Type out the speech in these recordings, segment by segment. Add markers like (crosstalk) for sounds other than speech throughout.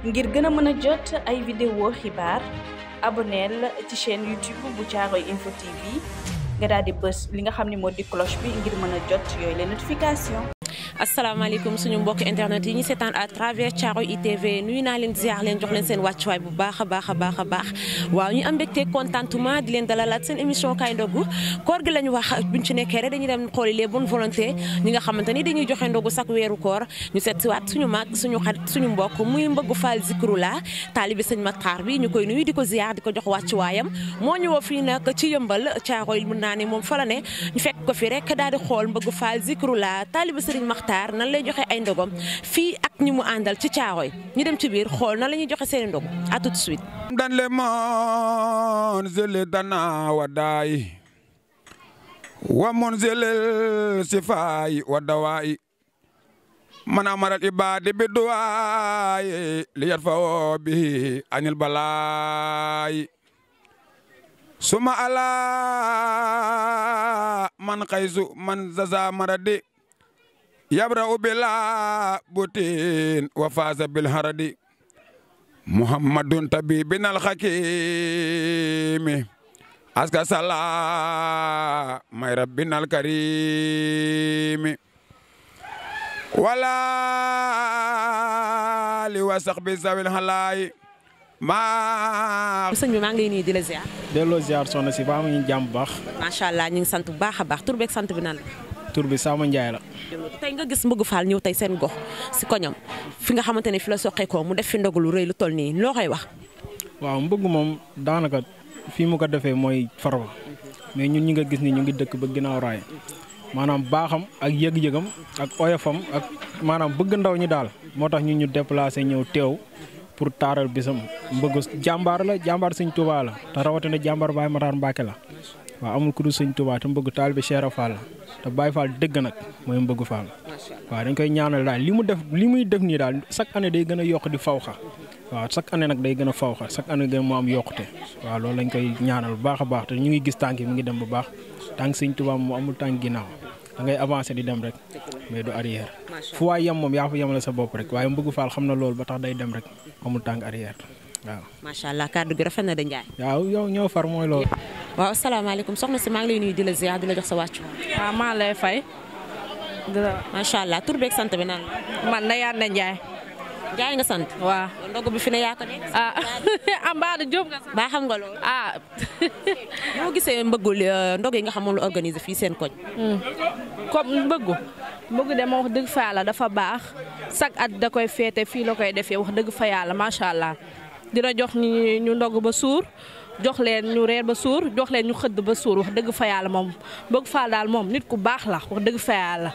ngir gën mëna mën jot ay vidéo xibaar abonnel ci chaîne YouTube bu Caaroy info TV nga daal di bëss li nga xam ne moo di cloche bi ngir mëna a jot yooyu les notification asalaamaaleykum suñu mbokk internet yi ñu seetaan à travers Thiaroye ITV nuyu naa leen ziar leen jox leen seen wàccuwaay bu baax a baax a baax a baax waaw ñu am mbégte contentement di leen dalalaat seen émission kaay ndogu koor gi lañu wax buñ ci nekkee rek dañuy dem xooli les bonnes volontés ñi nga xamante ni dañuy joxe ndogu sax weeru koor ñu seet si waat suñu mag suñu xarit suñu mbokk muy mbëggu Fall Zikroula taalibi sëñ Matar bi ñu koy nuyu di ko ziar di ko jox wàccuwaayam moo ñu woo fii nag ci yëmbal Thiaroye mën naa ne moom fa la ne ñu fekk ko fi rek daal di xool mbëggu Fall Zikroula taalibi sëriñ Matar Matar nan lay joxe ay ndogam fii ak ñi mu àndal ci Caaroy ñu dem ci biir xool nan la ñuy joxe seen ndog à tout de suite dan le moon zele dana wa daay wa moon zelel si faay wa dawaay man amaral ibaadi bi duwaay li yat fa woo bi anil balaay suma ala man xaysu man zaza maradi yabra ubila butin wa faza bil haradi muhammadun tabibin al hakim aska sala may rabbin al karim wala li wasakh bi zawil halai ma seug bi ma ngi ni di la ziar de lo ziar sonna ba ma ngi jam bax machallah ñi sante bu baaxa bax tour bek sante bi nan tur bi Samba Ndiaye la. tey nga gis Mbëgg Fall ñëw tey seen gox si koñam fi nga xamante ne fi la soqeekoo mu def fi ndogu lu rëy lu toll nii loo koy wax. waaw Mbëgg moom daanaka fii mu ko defee mooy Farba mais ñun ñi nga gis ni ñu ngi dëkk ba ginnaaw raay maanaam baaxam ak yëg ak oyofam ak maanaam bëgg ndaw ñi daal moo tax ñun ñu déplacé ñëw teew pour taaral bisam mbëgg jàmbaar la jàmbaar Sëñ Tuubaa la te rawatina jàmbaar Baay Mataar Mbàkke la waaw amul ku dul sëñ Touba te mu bëgg taalibe Cheikh Fall te Baye Fall dëgg nag mooy mbëgg bëgg Fall waaw dañ koy ñaanal daal li mu def li muy def nii daal chaque année day gën a yokk di faw xa waa chaque année nag day gën a fawxa chaque année gën moo am yokkute waaw loolu lañ koy ñaanal bu baax a baax te ñu ngi gis tànk yi mu ngi dem bu baax tànk sëñ Touba mu amul tànk ginnaaw da ngay di dem rek mais du arrière fu waay yam moom yaa fa yemale sa bopp rek waaye mu bëgg Fall na loolu ba tax day dem rek amul tànk arrière waaw macha allah kàddu gi rafet na da Ndiaye. waaw yow ñoo far mooy loolu. waaw asalaamaaleykum soxna si maa ngi lay nuyu di la ziar di la jox sa wàccu. lay fay. macha allah tur beeg sant bi naan man na Yande Ndiaye. nga sant. waaw ndogu bi fi ne yaa ah, (laughs) nga sant. baa xam nga loolu. ah. boo (laughs) gisee mbëggu euh, ndog yi nga xam lu fii seen koñ. Hmm. comme mbëggu. mbëggu dëgg fa dafa baax chaque at da koy féete fii la koy defee wax dëgg fa yàlla macha allah. dina jox ñi ñu ndog ba suur jox leen ñu reer ba suur jox leen ñu xëdd ba suur wax dëgg fa yàlla moom bëgg faal daal moom nit ku baax la wax dëgg fa la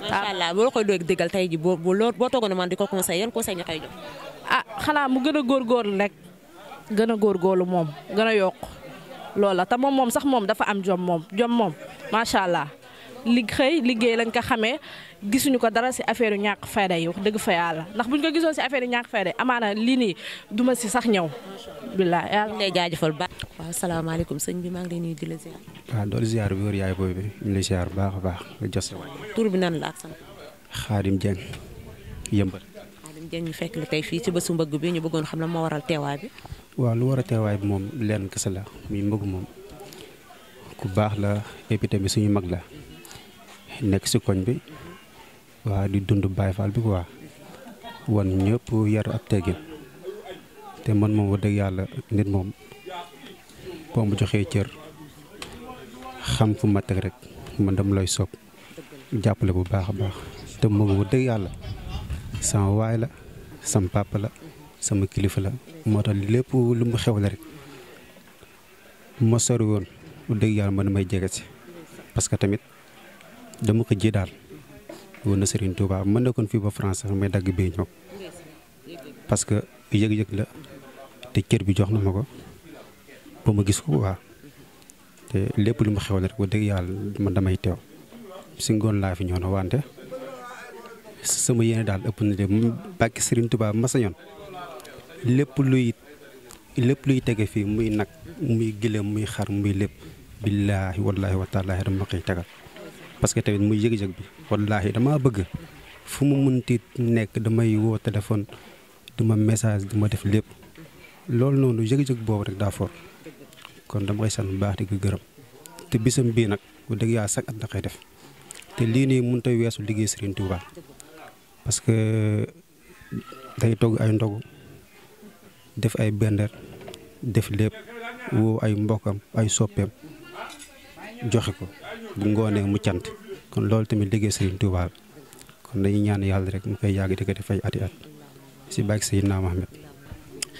macha allah boo koy doog dëggal tey ji boo boo boo toogoon man di ko conseil yan conseil nga koy jox. ah xanaa mu gën a góor góorlu rek gën a góor góorlu moom gën a yokk loola te moom moom sax moom dafa am jom moom jom moom macha allah. li xey liggey lañ ko xamé gisunu ko dara si affaireu ñak fayda yi wax dëgg fa yalla ndax buñ ko gisoon si affaireu ñak fayda amana li ni duma ci sax ñew billah yalla ngay jaajeufal ba assalamu alaykum señ bi ma ngi lay di la ziar do doolu ziar bi wor yaay boy bi ñu lay ziar bu baax baax nga jossé wa tour bi nan la ak sant Xaadim Dieng yëmbal Xaadim Dieng ñu fekk la tay fi ci bésu mbëgg bi ñu bëggoon xam la mo waral téway bi wa lu wara téway bi mom lenn kessa la mi mbëgg mom ku baax la suñu mag la nekk si koñ bi waaw di dund Baye Fall bi quoi wan ñëpp yar ak teggin te man moom wax dëgg yàlla nit moom boo ma joxee cër xam fu ma teg rek man dama lay soog jàppale bu baax a baax te moom wax dëgg yàlla sama waay la sama papa la sama kilifa la moo tax lépp lu mu xew la rek ma sori woon wax dëgg yàlla man may jege si parce tamit. dama ko ji daal woon na Serigne Touba mën na kon fii ba France sax may dagg bee ñëw parce que yëg-yëg la te cër bi jox na ma ko ba ma gis ko waa te lépp lu ma xew la rek wax dëgg yàlla man damay teew si ngoon laa fi ñëw na wante sama yéene daal ëpp na de bàkki Serigne Touba ma señoon lépp luy lépp luy tege fii muy nag muy gëlëm muy xar muy lépp billaahi wallaahi wa taalaahi dama koy tegal parce que tamit muy yëg-yëg bi wallaahi damaa bëgg fu mu munti nekk damay woo téléphone duma message du ma def lépp loolu noonu yëg-yëg boobu rek daa for kon dama koy sant baax di ko gërëm te bisam bii nag bu dëgg yaa sax at na koy def te lii nii mënut a weesu liggéey Serigne Touba parce que day togg ay ndogu def ay bender def lépp woo ay mbokkam ay soppeem joxe ko bu ngoonee mu cant kon loolu tamit liggéey Serigne Touba kon dañuy ñaan yàlla rek mu koy yàgg di ko def ay ati at si bàyyi Seydina Mohamed.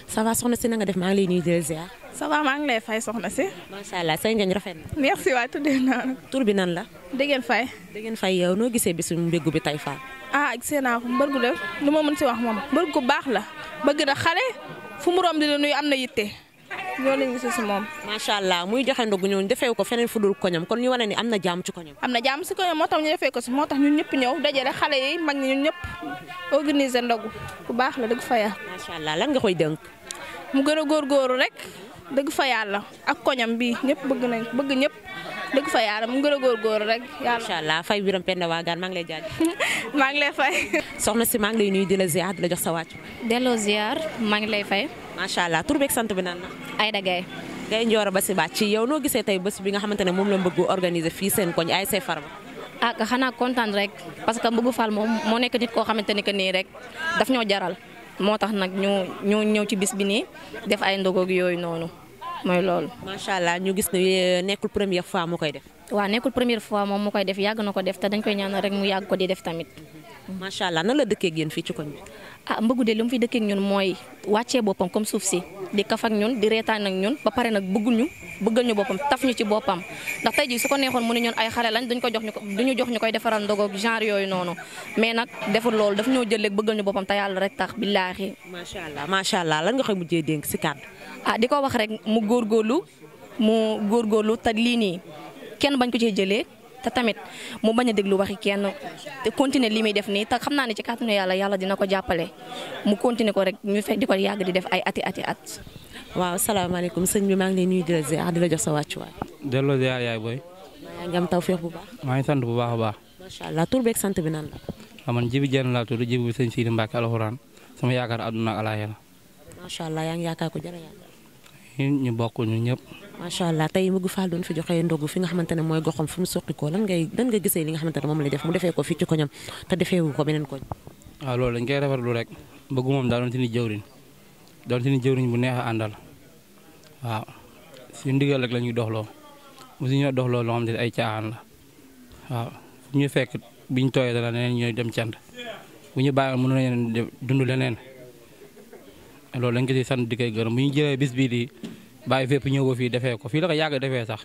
ça va soxna si na def maa ngi lay nuyu di la ziar. maa ngi lay fay soxna si. macha allah say ngeen rafet na. merci waay tuddee naa la. tur bi nan la. dëggeen fay. dëggeen fay yow noo gisee bisu mbégu bi tay faa. ah gisee naa ko mbër gu def lu ma mën si wax moom mbër gu baax la bëgg na xale fu mu romb di la nuyu am na yitte. ñoo lañ gis si moom macha allah muy joxe ndogu ñooñu defee ko feneen fu dul koñam kon ñu wane ni am na jaam ci koñam am na jaam si koñam moo tax ñu defee ko si moo tax ñun ñëpp ñëw dajale xale yi mag ñi ñun ñëpp organiser ndogu bu baax la dëgg fa yàlla macha allah lan nga koy dënk mu gën a góorgóorlu rek dëgg fa la ak koñam bi ñëpp bëgg nañ bëgg ñëpp dëgg fa yàlla mu gën gor góorgóorlu rek. incha inshallah fay biram Penda Waagaan maa ngi lay jaajëf. (laughs) maa ngi lay fay. soxna si maa ngi lay nuyu di ziar di jox sa wàcc. delo ziar maa ngi lay fay. macha allah tur beeg sant bi nan ay da gay gay Ndioro Bassi ba ci yow no gisee tay bés bi nga xamantene mom la bëgg organiser fi seen koñ ay ASC farma ak ah, xana kontaan rek parce que Mboubou fal mom mo nekk nit ko xamantene ke ni rek daf ñoo jaral motax nak ñu ñu ñew ci bis bi ni def ay ndogok yoy nonu mooy loolu. macha allah ñu gis ne euh, nekkul première fois mu koy def. waaw nekkul première fois moom mu koy def yàgg na ko def te dañ koy ñaanal rek mu yàgg ko di def tamit. Mm-hmm. macha allah nan la dëkkee ak yéen fii ci koñ bi. ah mbëggu de li mu fi dëkkee ak ñun mooy wàccee boppam comme suuf si. di kafak ñun di reetaan ak ñun ba pare nag bëgguñu ñu bëggal ñu boppam taf ñu ci boppam ndax tey jii su ko neexoon mu ne ñun ay xale lañ duñ ko jox ñu ko duñu jox ñu koy defaral ndogoog genre yooyu noonu mais nag deful loolu daf ñoo jël rek bëggal ñu boppam te yàlla rek tax billaahi. macha allah macha allah lan nga koy mujjee dénk si kàddu. ah di ko wax rek mu góorlu mu góor góorgóorlu te lii nii kenn bañ ko cee jëlee te tamit mu bañ a déglu waxi kenn te continuer li muy def nii te xam naa ne ci kàttanu yàlla yàlla dina ko jàppale mu continé ko rek ñu fekk di ko yàgg di def ay ati ati at. waaw salaamaaleykum sëñ bi maa ngi nii nuyu a la ziar di jox sa wàccuwaay. delloo ziar yaay booy. maa ngi am tawféex bu maa ngi sant bu baax a baax. macha allah tur beeg sant bi nan la. waaw ah, man jibi jenn laa tudd jibi sëñ Sidi Mbacke alxuraan sama yaakaar adduna ak alaaxira. macha allah yaa ngi yaakaar ko jërë ñu bokk ñu ñëpp macha allah tey Mougou Fall doon fi joxe ndogu fi nga xamante ne mooy goxam fu mu soqikoo lan ngay lan nga gisee li nga xamante ne moom la def mu defee ko fii ci koñam te defeewu ko beneen koñ. waaw ah, loolu dañ koy rafetlu jëwriñ bu neex a waaw suñu ndigal rek la ñuy doxloo mosu ñoo doxloo loo xam ay caaxaan la waaw fu ñu fekk biñ tooyee dara leneen ñooy dem cant bu ñu bàyyi mënu nañu dund leneen loolu dañ ko siy sant di bu ñu jëlee bis bii bàyyi fépp ñëw ko fii defee ko fii la ko yàgg defee sax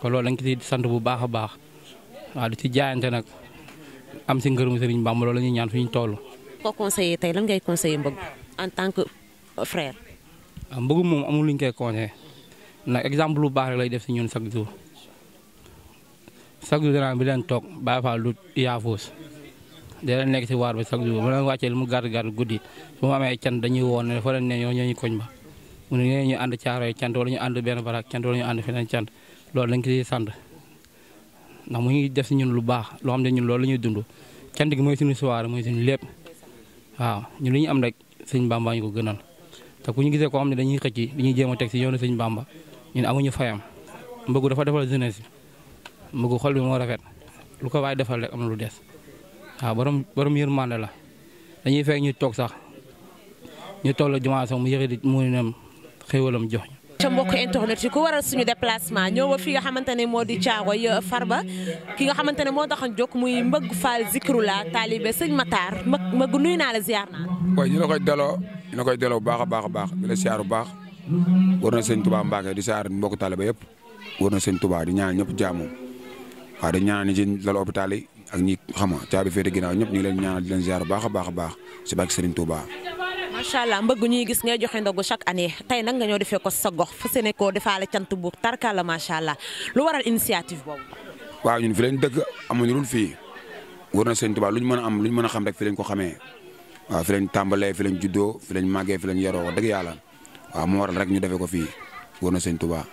ko loolu dañ ko sant bu baax a baax waaw di ci jaayante nag am si ngërëmu Sëriñ Bamba loolu la ñuy ñaan fi ñu toll. ko tey lan ngay conseiller mbëgg en tant que frère. Ah, moom amul lu ñu koy conseillé nag exemple lu baax rek lay def si ñun chaque jour chaque jour dinaa bi leen toog bàyyi faa lu yaafuus. da nekk si waar ba chaque jour bu leen wàccee lu mu gàtt gàtt guddi su amee can dañuy woon ne fa leen ne ñoo ñooñu koñ ba. mu ne nee ñu ànd caaroy cant wala ñu ànd benn baraak cant wala ñu ànd feneen cant loolu lañ ko ciy sant ndax mu ngi def si ñun lu baax loo xam ne ñun loolu la ñuy dund cant gi mooy suñu soirée mooy suñu waaw ñun li ñu am rek sëñ bàmba ñu ko gënal te ku ñu gisee a teg si yoonu sëñ bàmba ñun amuñu fayam mbëggu dafa defal jeunesse bi mbëggu xol bi moo rafet lu ko waay defal rek am lu des waaw borom borom yërmande la dañuy fekk ñu toog sax ñu toll jumaa sax mu yëkkati mu ne xéewalam jox ñu ca mbokk internet yi ku waral suñu déplacement ñëw ba fi nga xamante ne moo di Caaroy Farba ki nga xamante ne moo taxoon jóg muy mbëgg Fall Zikroulahi taalibe sëñ Matar mbëgg mbëgg nuyu naa la ziar naa. waaye ñu la koy delloo ñu koy delloo bu baax a baax a baax di la ziar bu baax war na sëñ Touba Mbacke di ziar mbokk taalibe yëpp war na sëñ Touba di ñaan ñëpp jaamu waaw di ñaan ñi ci lal hôpital yi ak ñi xama caabi féete ginnaaw ñëpp ñu ngi leen ñaanal di leen ziar baax a baax a baax si bàkk Sëriñ Touba. macha allah mbëgg ñuy gis ngay joxe ndogu chaque année tey nag nga ñoo defee ko sa gox fa sene koo defaale cant bu tarkala macha allah lu waral initiative boobu. waaw ñun fi lañ dëgg amuñu lu fii wër na sëñ Tuubaa lu ñu mën a am lu ñu mën a xam rek fi lañ ko xamee waaw fi lañ tàmbalee fi lañ juddoo fi lañ màggee fi lañ yaroo wax dëgg yàlla waaw moo waral rek ñu defee ko fii wër na sëñ Tuubaa.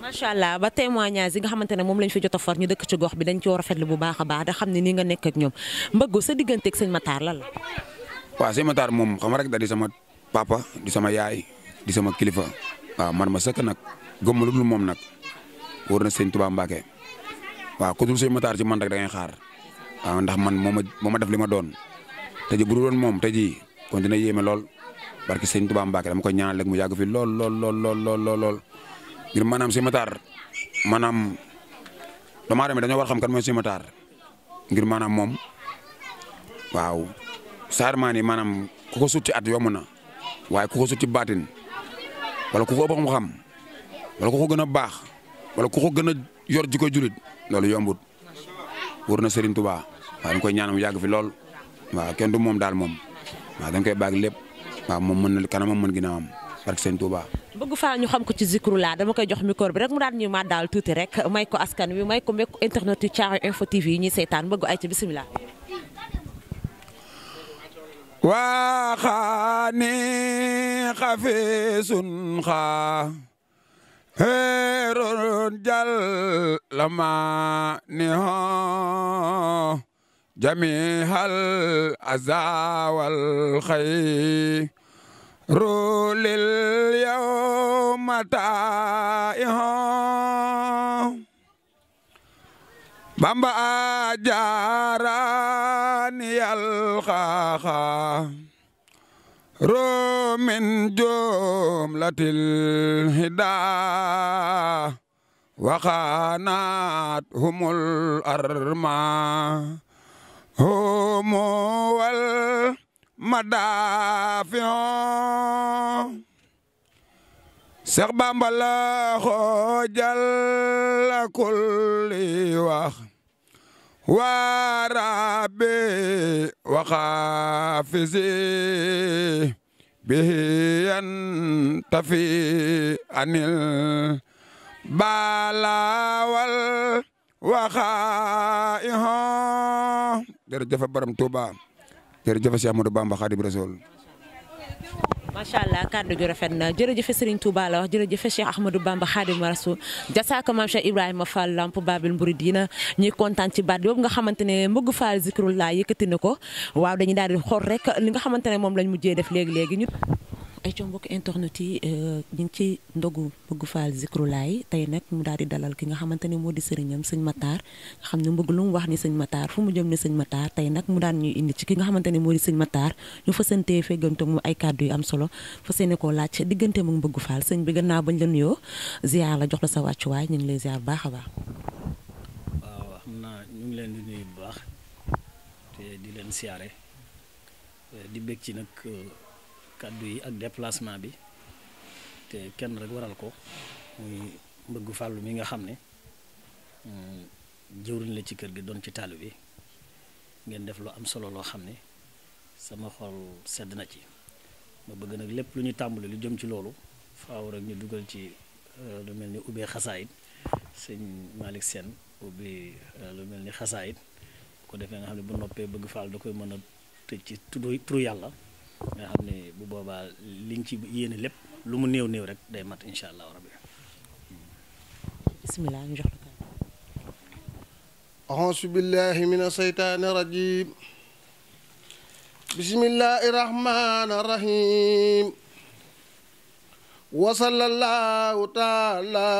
macha allah ba témoignage yi nga xamante ne moom lañ fi jot a far ñu dëkk ci bi dañ ci a rafetlu bu baax a baax da xam ne nii nga nekk ak ñoom mbëggu sa digganteeg sëñ Matar la la waaw sëñ Matar mom, xam rek da di sama papa di sama yaay di sama kilifa ah, wa ah, man ma sekk nak gëm lu mom nak worna seigne na mbake wa ko dul sëñ Matar ci man rek da ngay xaar waaw ndax man moma moma def lima doon te ji bu dul mom te ji kon dina yéeme lol barki seigne touba mbake dama ko ñaanal rek mu yag fi lol lol lol lol lol lol ngir manam sëñ Matar manam dama aadama dañu war xam kan moy Matar ngir manam mom waaw. Saar Mané maanaam ku ko sut ci at yomb na waaye ku ko sut ci baatin wala ku ko ëpp xam-xam wala ku ko gën a baax wala ku ko gën a yor ji ko julit loolu yombut wër na Serigne Touba waaw dañ koy ñaanam yàgg fi lool waaw kenn du moom daal moom waaw dañ koy baag lépp waaw moom mën na kanamam mën ginnaawam barke Serigne Touba. bëgg faa ñu xam ko ci zikru laa dama koy jox micro bi rek mu daal ñu ma daal tuuti rek may ko askan wi may ko mbékku internet yu Caaroy info TV yi ñuy seetaan وخاني خفيس خا خير جل ما نها جميع الأذى والخير اليوم تائه بمبا جارا أن يلقاها رو من جملة الهدى وخاناتهم الأرمى هم والمدافع Seex Bamba la xoojal la kulli wax وربي وحافظي به ينتفي عن البلا والوخائه jërëjëf Borom Touba jërëjëf Cheikh Ahmadou Bamba Khadim Rasoul macha allah kàddu gi rafet na jërëjëfe Serigne Touba la wax jërëjëfe Cheikh Ahmadou Bamba Khadim Rasoul jasaaka maam Cheikh Ibrahima Fall lamp Babil Mouridina ñuy kontaan ci baat boobu nga xamante ne mbëgg Fall Zikrullaa yëkkati na ko waaw dañuy daal di xool rek li nga xamante ne moom lañ mujjee def léegi léegi ñu ay co mbokk internet yi euh, ñu ci ndogu bëgg faal zikrulaay tey nag mu daal di dalal ki nga xamante ne moo di sëriñam sëñ Matar nga xam ne bëgg lu mu wax ni sëñ Matar fu mu jëm ne sëñ Matar tey nag mu daan ñuy indi ci ki nga xamante ne moo di sëñ Matar ñu fasantee feggante mu ay kàddu yu am solo fasene koo laaj diggante mu bëgg faal sëñ bi gannaaw bañ la nuyoo ziar la jox la sa wàccuwaay ñu ngi lay ziar baax a baax. waaw xam naa ñu ngi leen di nuyu bu baax di leen siyaare di bég kàddu yi ak déplacement bi te kenn rek waral ko muy mbëgg fàllu mi nga xam ne mm, jëwriñ la ci kër gi doon ci taalu bi ngeen def lu am solo loo xam ne sama xol sedd na ci ma bëgg nag lépp lu ñu tàmbali lu jëm ci loolu faaw rek ñu dugal ci euh, lu mel ni ubbee xasaayit sëñ Malick Sène ubbi euh, lu mel ni xasaayit ko defee nga xam ne bu noppee bëgg faal da koy mën a tëj ci turu yàlla nga xam ne bu boobaa liñ ci yéene lépp lu mu néew néew rek day mat incha allahu rabbi bismillah ñu jox la أعوذ بالله من الشيطان الرجيم بسم الله الرحمن الرحيم وصلى الله تعالى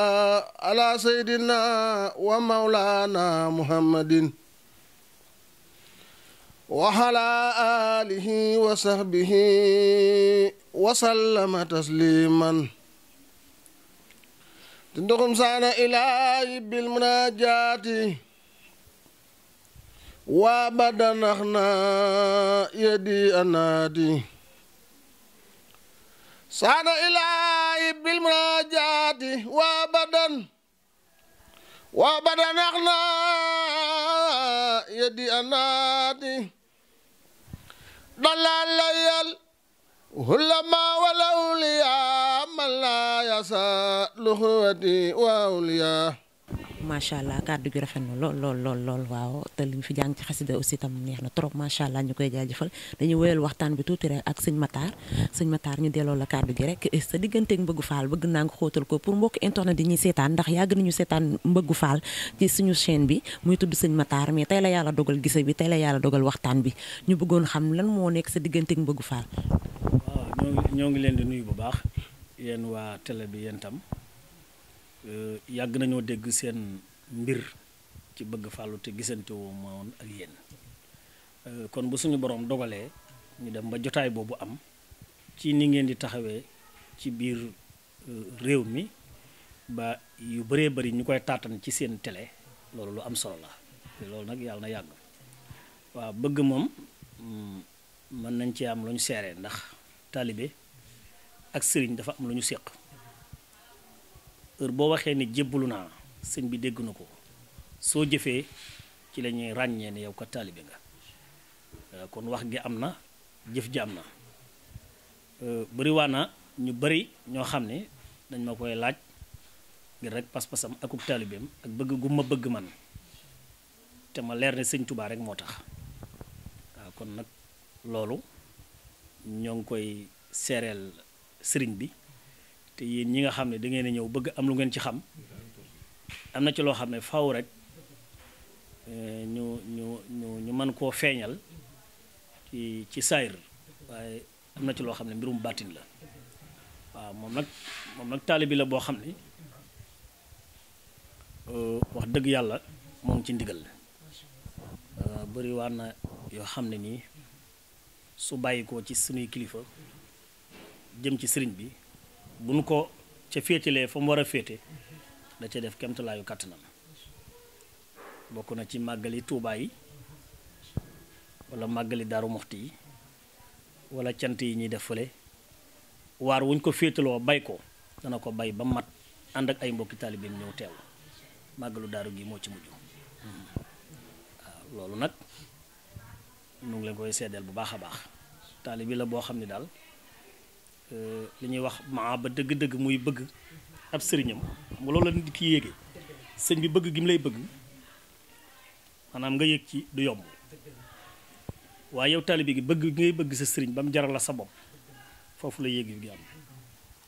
على سيدنا ومولانا محمد وعلى آله وصحبه وسلم تسليما تندقم سانا إلهي بالمناجات وابدا نخنا يدي أنادي سانا إلهي بالمناجات وابدا وابدا نخنا يدي أنادي ضلال ليل هلما ولا أولياء من لا يسأل أخوتي وأولياء macha allah kàddu gi rafet na lool lool lool lool waaw te li ñu fi jàng ci xasida aussi tam neex na trop macha allah ñu koy jaajëfal dañuy woyal waxtaan bi tuuti rek ak sëñ Matar sëñ Matar ñu delloo la kàddu gi rek sa digganteeg mbëggu faal bëgg naa nga ko pour mbokk internet di ñuy seetaan ndax yàgg nañu seetaan mbëggu faal ci suñu chaîne bi muy tudd sëñ Matar mais tey la yàlla dogal gise bi tey la yàlla dogal waxtaan bi ñu bëggoon xam lan moo nekk sa digganteeg mbëggu faal. waaw ñoo ngi leen di nuyu bu baax yéen waa télé bi yéen tam Euh, yàgg nañoo dégg seen mbir ci bëgg fàllu te gisante woo ak yéen euh, kon bu suñu borom dogalee ñu dem ba jotaay boobu am ci ni ngeen di taxawee ci biir euh, réew mi ba yu bëree bari ñu koy taatan ci seen tele loolu lu am solo la te loolu nag yàlla na yàgg waaw bëgg moom hmm, mën nañ ci am lu ñu seeree ndax taalibe ak sëriñ dafa am lu ñu séq heur bo waxé ni djebuluna seigne bi dégg na ko soo jëfee ci lañuy ragné ràññee yow ko talibé nga euh, kon wax gi amna djef ji amna euh bari wana ñu bari ño xamné dañ ma koy laaj ngir rek pas-pasam akuk taalibeem ak bëgg gu ma bëgg man té ma lér né seigne touba rek motax kon nak lolu ñong koy serigne bi te yéen ñi nga xam ne da ngeen ñëw bëgg am lu ngeen ci xam am na ci loo xam ne faw rek eh, ñu ñu ñu ñu mën koo feeñal ci ci saayir waaye am na ci loo xam ne mbirum bàttin la waaw moom nag moom nag taalibi la boo xam ne eh, wax dëgg yàlla moo ngi ci ndigal eh, bëri waa na yoo xam ne nii su bàyyikoo ci sunuy kilifa jëm ci sëriñ bi bu nu ko ca féetalee fa mu war a féete da ca def kemtalaayu kàttanam bokk na ci màggali tuubaa yi wala màggali daaru moxti yi wala cant yi ñuy def fële waar wuñ ko féetaloo bay ko dana ko bay ba mat ànd ak ay mbokki taalibeem ñëw teew màggalu daaru gi moo ci mujj waaw loolu nag nu ngi leen koy seddeel bu baax a baax taalibi la boo xam ne daal li ñuy wax maa ba dëgg-dëgg muy bëgg ab sëriñam mu loolu la nit ki yéegee sëñ bi bëgg gi mu lay bëgg maanaam nga yëg ci du yomb waaye yow taalibe gi bëgg ngay bëgg sa sëriñ ba mu jaral la sa bopp foofu la yéeg gi am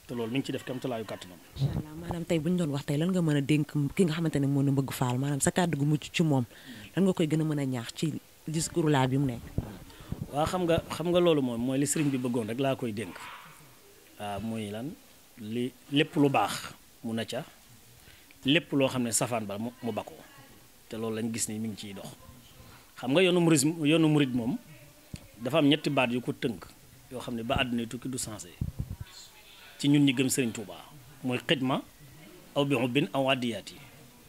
te loolu mi ngi ci def kamtalaayu kàttanam. incha allah maanaam tey bu ñu doon wax tey lan nga mën a dénk ki nga xamante ne moo nu bëgg faal maanaam sa kàddu gu mucc ci moom lan nga koy gën a mën a ñaax ci discours laa bi mu nekk. waaw xam nga xam nga loolu moom mooy li sëriñ bi bëggoon rek laa koy dénk. waaw euh, muy lan li lépp lu baax mu na ca lépp loo xam ne safaan ba mu bakko te loolu lañ gis ni mu ngi ciy dox xam nga yoonu murid yoonu murid moom dafa am ñetti baat yu ko tënk yoo xam ne ba àdduna tukki du sanse ci ñun ñi gëm Serigne Touba mooy xidma aw bi bin aw addiyaat yi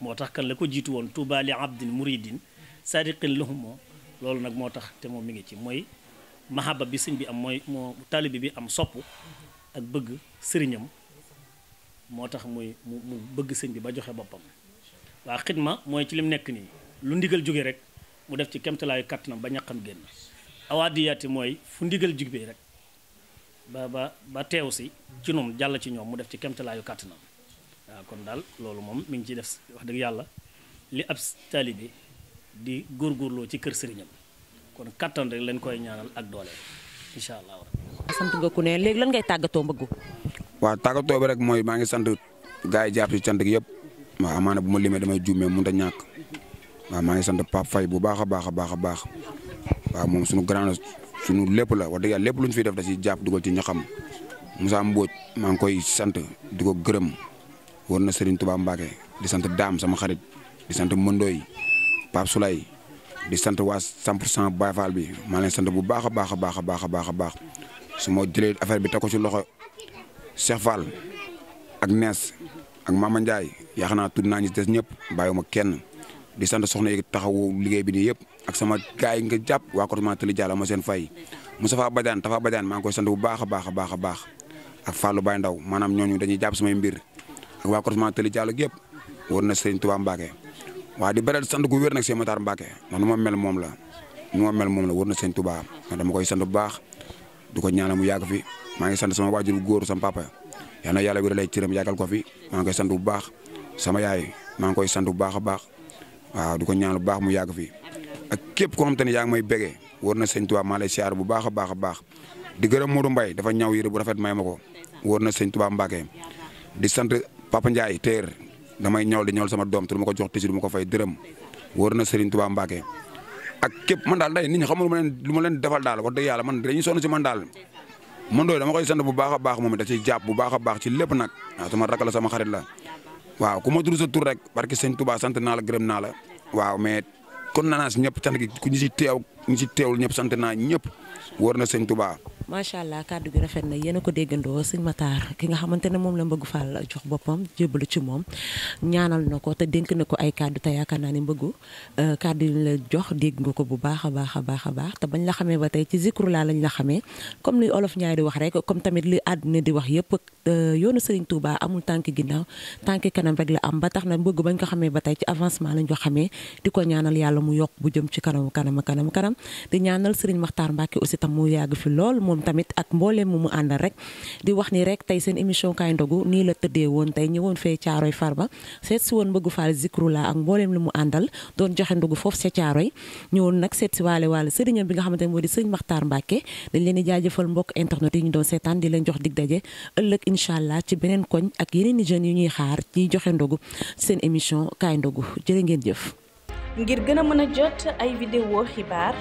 moo tax kan la ko jiitu woon Touba li abdin muridin sadiqin lahumo loolu nag moo tax te moom mi ngi ci mooy mahaba bi sëñ bi am mooy moo taalibe bi am sopp ak bëgg sëriñam moo tax muy mu bëgg sëñ bi ba joxe boppam waa xidma mooy ci lim nekk nii lu ndigal jóge rek mu def ci kemtalaayu kàttanam ba ñaqam génn awaadiyaati mooy fu ndigal jubee rek ba ba ba teew si ci noonu jàll ci ñoom mu def ci kemtalaayu kàttanam waaw kon daal loolu moom mi ngi ci def wax dëgg yàlla li ab taalibe di góorgóorloo ci kër sëriñam kon kàttan rek lañ koy ñaanal ak doole sant ku ne léegi lan ngay tàggatoo mbëggu waaw tàggatoo bi rek mooy maa ngi sant gars yi jàpp ci cant gi yëpp waaw amaana bu ma limee damay juumee mënut a ñàkk waaw maa ngi sant Pape Faye bu baax a baax baax a baax waaw moom suñu grand suñu lépp la wax dëgg yàlla lépp lu ñu fiy def da ciy jàpp dugal ci ñaxam Moussa Mbodj maa ngi koy sant di ko gërëm war na Serigne Touba Mbacke di sant Dame sama xarit di sant Mëndooy Pape Soulay di sant waa 100 pour cent Baye Fall bi maa leen sant bu baax a baax a baax a baax a baax su ma jëlee affaire bi teg ko ci loxo Cheikh Fall ak Nees ak Mama Ndiaye yaa xanaa naa tudd naa ñu des ñëpp bàyyiwuma kenn di sant soxna yi taxaw liggéey bi nii yëpp ak sama gaay yi nga jàpp waa Kortement Tali Diallo ma seen fay Moustapha Badiane Tafa Badiane maa ngi koy sant bu baax baax a baax a baax ak Fallou Baye Ndaw maanaam ñooñu dañuy jàpp samay mbir ak waa Kortement Tali Diallo yëpp war na Serigne Touba Mbacke waa di beral sant gu wér nag Cheikh Matar Mbacke man nu moom la nu mel moom la war na Serigne Touba dama koy sant bu baax duko ko ñaanal mu mangisan fi maa ngi sant sama waajur bu sama papa ya na ya wéral ay cëram yàggal ko fi maa ngi sant bu baax sama yaay maa ngi koy sant bu baax baax waaw du ko baax mu yàgg fi ak képp koo xam te may na sëñ Tuubaa maa bu baax a baax di gërëm Modou Mbaye dafa ñaw yére bu rafet may ma ko wóor na di sant Papa Ndiaye ter, damay ñaw di ñawal sama dom te du ma ko jox tisi du ma ko fay dërëm wóor ak képp man daal day nit ñi xam nga lu ma leen defal daal wax dëgg man dañuy sonn si man daal man doy dama koy sant bu baax a baax moom da ciy jàpp bu baax a baax ci lépp nag waaw sama rakk la sama xarit la waaw ku ma tudd sa tur rek barki sëñ Touba sant naa la gërëm la waaw mais kon naa si ñëpp sant gi ku ñu si teew ñu si teewul ñëpp sant naa ñëpp wóor na sëñ Touba macha allah kàddu gi rafet na yéen a ko déggandoo sëñ Matar ki nga xamante ne moom la mbëgg Fall jox boppam jébbalu ci moom ñaanal na ko te dénk na ko ay kàddu te yaakaar naa ne mbëggu euh, kàddu yi la jox dégg nga ko bu baax a baax a baax a baax te bañ la xamee ba tey ci zikru laa lañ la xamee comme li olof ñaay wax rek comme tamit li àdduna di wax yëpp euh, yoonu Serigne Touba amul tànk ginnaaw tànk kanam rek la am ba tax na mbëgg bañ ko xamee ba tey ci avancement lañ ko xamee di ko ñaanal yàlla mu yokk bu jëm ci kanamu kanamu kanamu kanam di ñaanal Serigne Matar Mbacke aussi tam mu yàgg fi lool moom tamit ak mbooleem mu mu àndal rek di wax ni rek tey seen émission kaay ndogu nii la tëddee woon tey ñëwoon fee caaroy farba seet si woon mbëggu faal zikru la ak mbooleem lu mu àndal doon joxe ndogu foofu sa caaroy ñëwoon nag seet si waale waale sëriñam bi nga xamante moo di sëriñ Maxtaar Mbàkke dañ leen di jaajëfal mbokk internet yi ñu doon seetaan di leen jox dig daje ëllëg incha allah ci beneen koñ ak yeneen i jeunes yu ñuy xaar ci joxe ndogu seen émission kaay ndogu jërë ngeen jëf ngir gën a a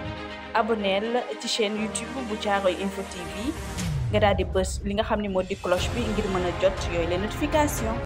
Abonnez-vous à la chaîne YouTube bu info TV nga pouvez di bës li nga cloche bi ngir mën jot les notifications.